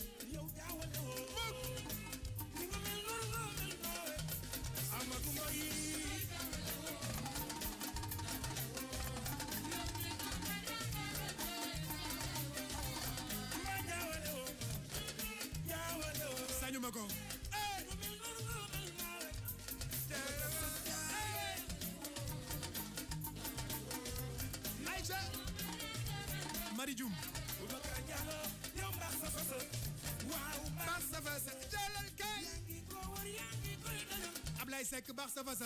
que ça va ça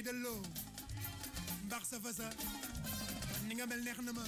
ay delloo mbax sa fa sa ni nga mel neex na ma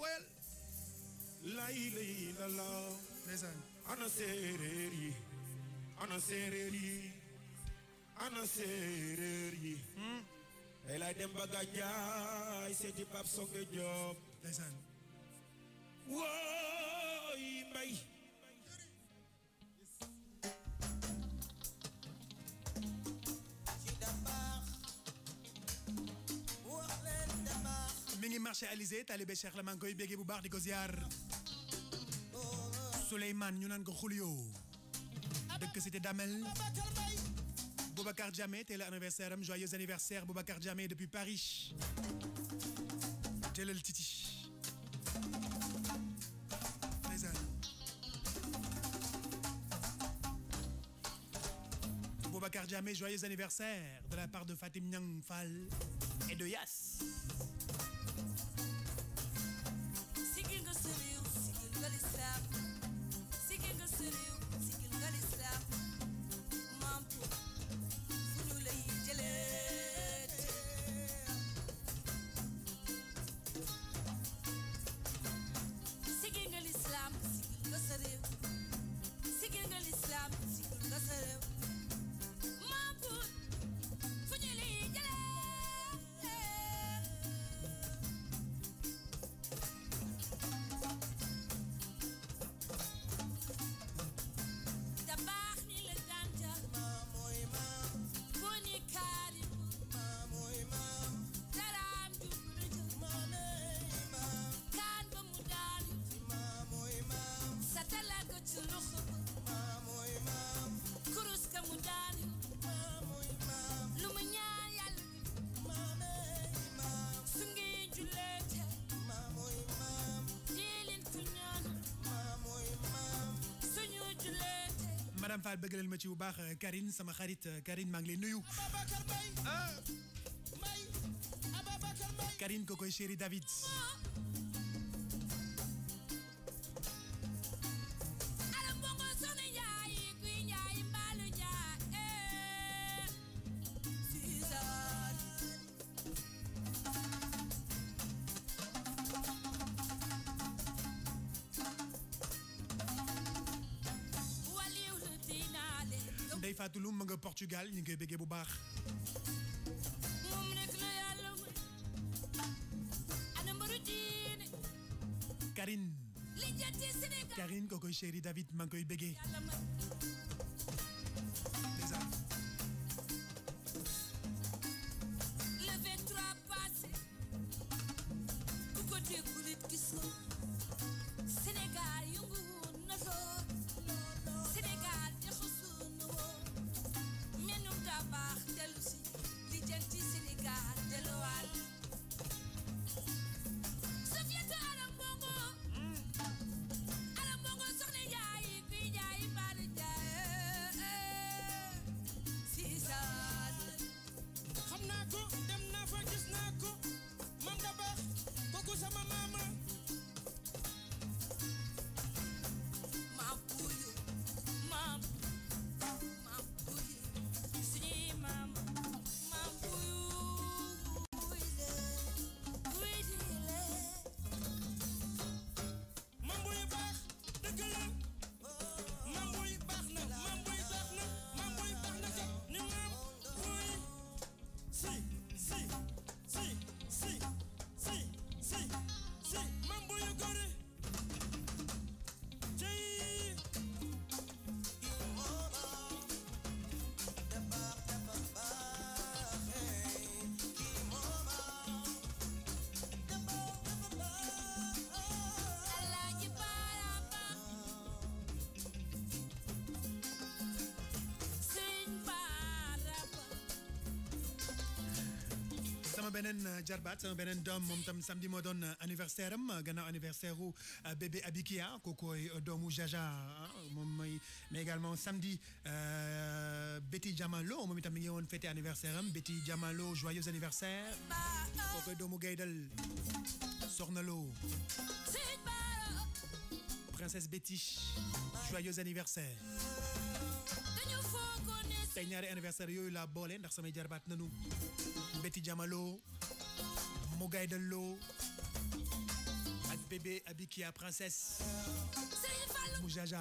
woyal lay lay la la ndeysaan ana séeréer yi ana séeréer yi ana séeréer yi hmm? ay lay dem ba gànjaay seeti Pape Songe Diop ndeysaan Allez, Cheikh la mangue, koy bégué bu baax diko ziar souleyman ñu nan ko Damel Boba Diamé c'est l'anniversaire, anniversaire joyeux anniversaire Boubacar Diamé depuis Paris le titi Boubacar Diamé joyeux anniversaire de la part de Fatim Nyang Fal et de Yass Fall bëggaleel ma ci bu baax euh, Karine sama xarit euh, Karine maa ngi lay nuyu. Ah. Karine ko koy chéri David. Portugal ñu ngi koy béggee bu baax. Karine. Karine kooku chéri David maa koy béggee. Benen euh, Jarbat jarbaat sama beneen dom tam samedi modon doon euh, anniversaire am euh, anniversaire de bébé Abikia Koko domou Jaja ah, mom mais également samedi Betty Jamalo mom tam mi ngi woon fêté anniversaire Betty Jamalo joyeux anniversaire Koko domou Gaydal Sornalo princesse Betty joyeux anniversaire tey ñaari anniversaire yooyu laa boole ndax samay jarbaat nanu Betty Diamalo mu gayda ak bébé Abikia princesse mu jaja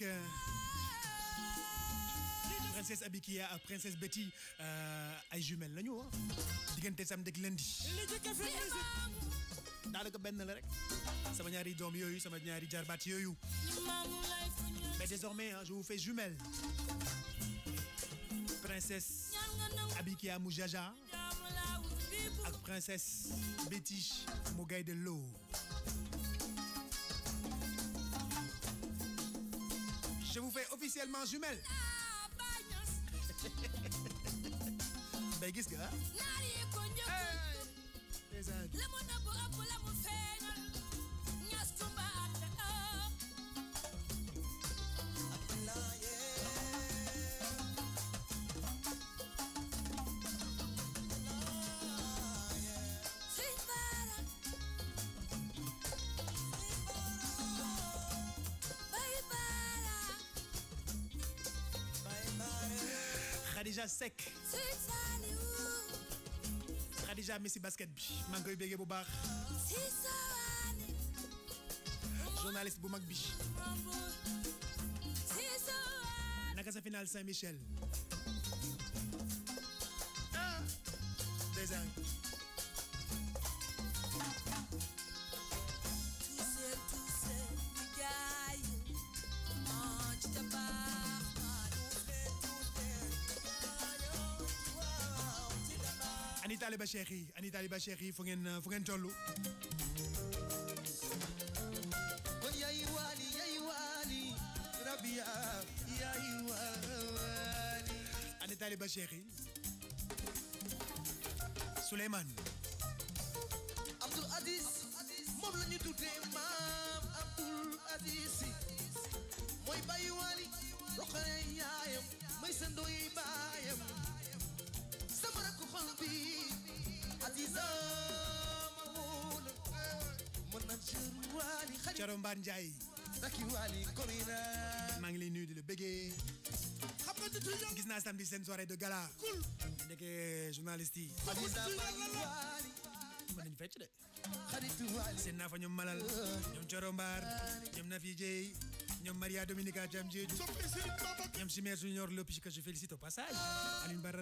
avec euh, princesse Abikia euh, princesse Betty euh, ay jumelles lañu ah diggante samedi ak lundi. daanaka benn la rek sama ñaari doom yooyu sama ñaari jarbaat mais désormais hein, je vous fais jumelles. princesse Abikia Mujaja Jaja princesse Betty mu de l'eau officiellement jumelles. ben, qu'est-ce que... Hey! sec. Sek. déjà Messi Basket bi maa ngi journaliste bu mag bi. final Saint-Michel. taaliba cheikh yi ani taaliba cheikh yi fu ngeen euh, fu ngeen tollu kon oh, yaay waali rabia yaay Wali. ani taaliba cheikh yi Souleymane Abdoul Aziz moom la ñu tuddee maam Adis. Aziz mooy baay waali roqale yaayam Coro Mbane Ndiaye. maa ngi lay nuyu di la bëggee. gis naa samedi seen soirée de gala. ndeke journaliste yi. mën nañu fecc de. seen naa fa ñoom Malal ñoom Coro Mbane ñoom Nafi Dieye. ñoom Maria Dominica Junior que je félicite au passage Aline barre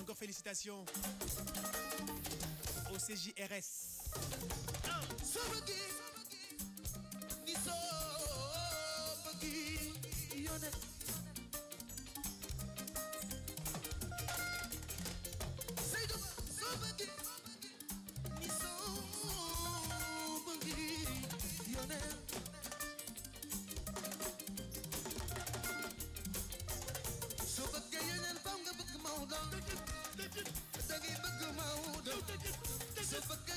encore félicitations au CJRS never good.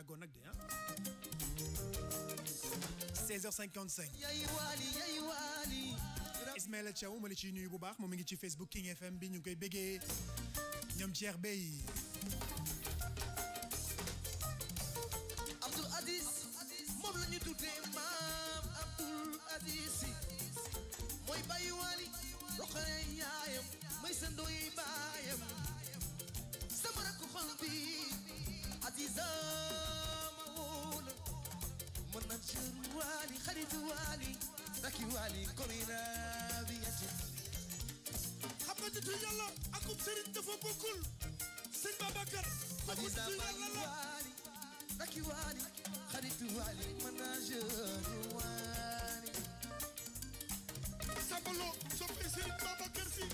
Kagonak de. Hein? 16h55. Ismaël Tchaou, je suis venu à Facebook King FM, je suis venu à Bégué, je suis ki wali korina bi yati xam nga nitu yàlla akum sëriñ dafa bokkul sëñ Babacar kooku nitu yàlla la daki wali xaritu wali manageru wali sabalo soppe sëriñ Babacar si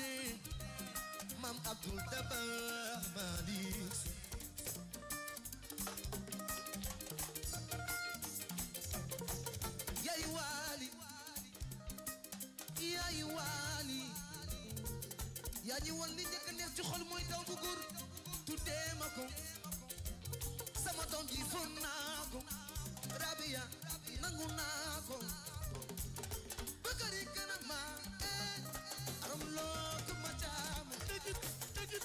Sidi Mam Abdul Jabbar Malik Yaay Wali Yaay Wali yaa ñu won li njëkk a neex ci xol mooy daw bu góor tuddee ma ko sama doom ji fon naa ko Rabia nangu naa ko am loo du ma jaam tëjut tëjut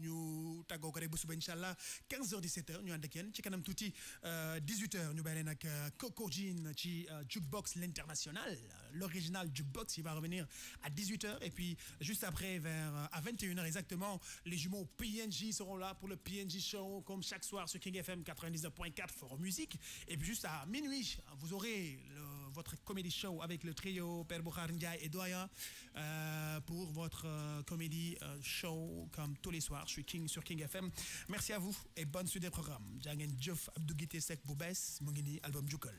15h 17h 18h nous jukebox l'international l'original jukebox il va revenir à 18h et puis juste après vers euh, à 21h exactement les jumeaux PNJ seront là pour le PNJ show comme chaque soir sur King FM 99.4 Forum Musique et puis juste à minuit vous aurez votre comédie show avec le trio Père Bouchard, Ndiaye et Doya euh, pour votre euh, comédie euh, show comme tous les soirs. Je suis King sur King FM. Merci à vous et bonne suite des programmes. Jangen Jeff Abdou Guité Sek Boubès Mungini album Jukol.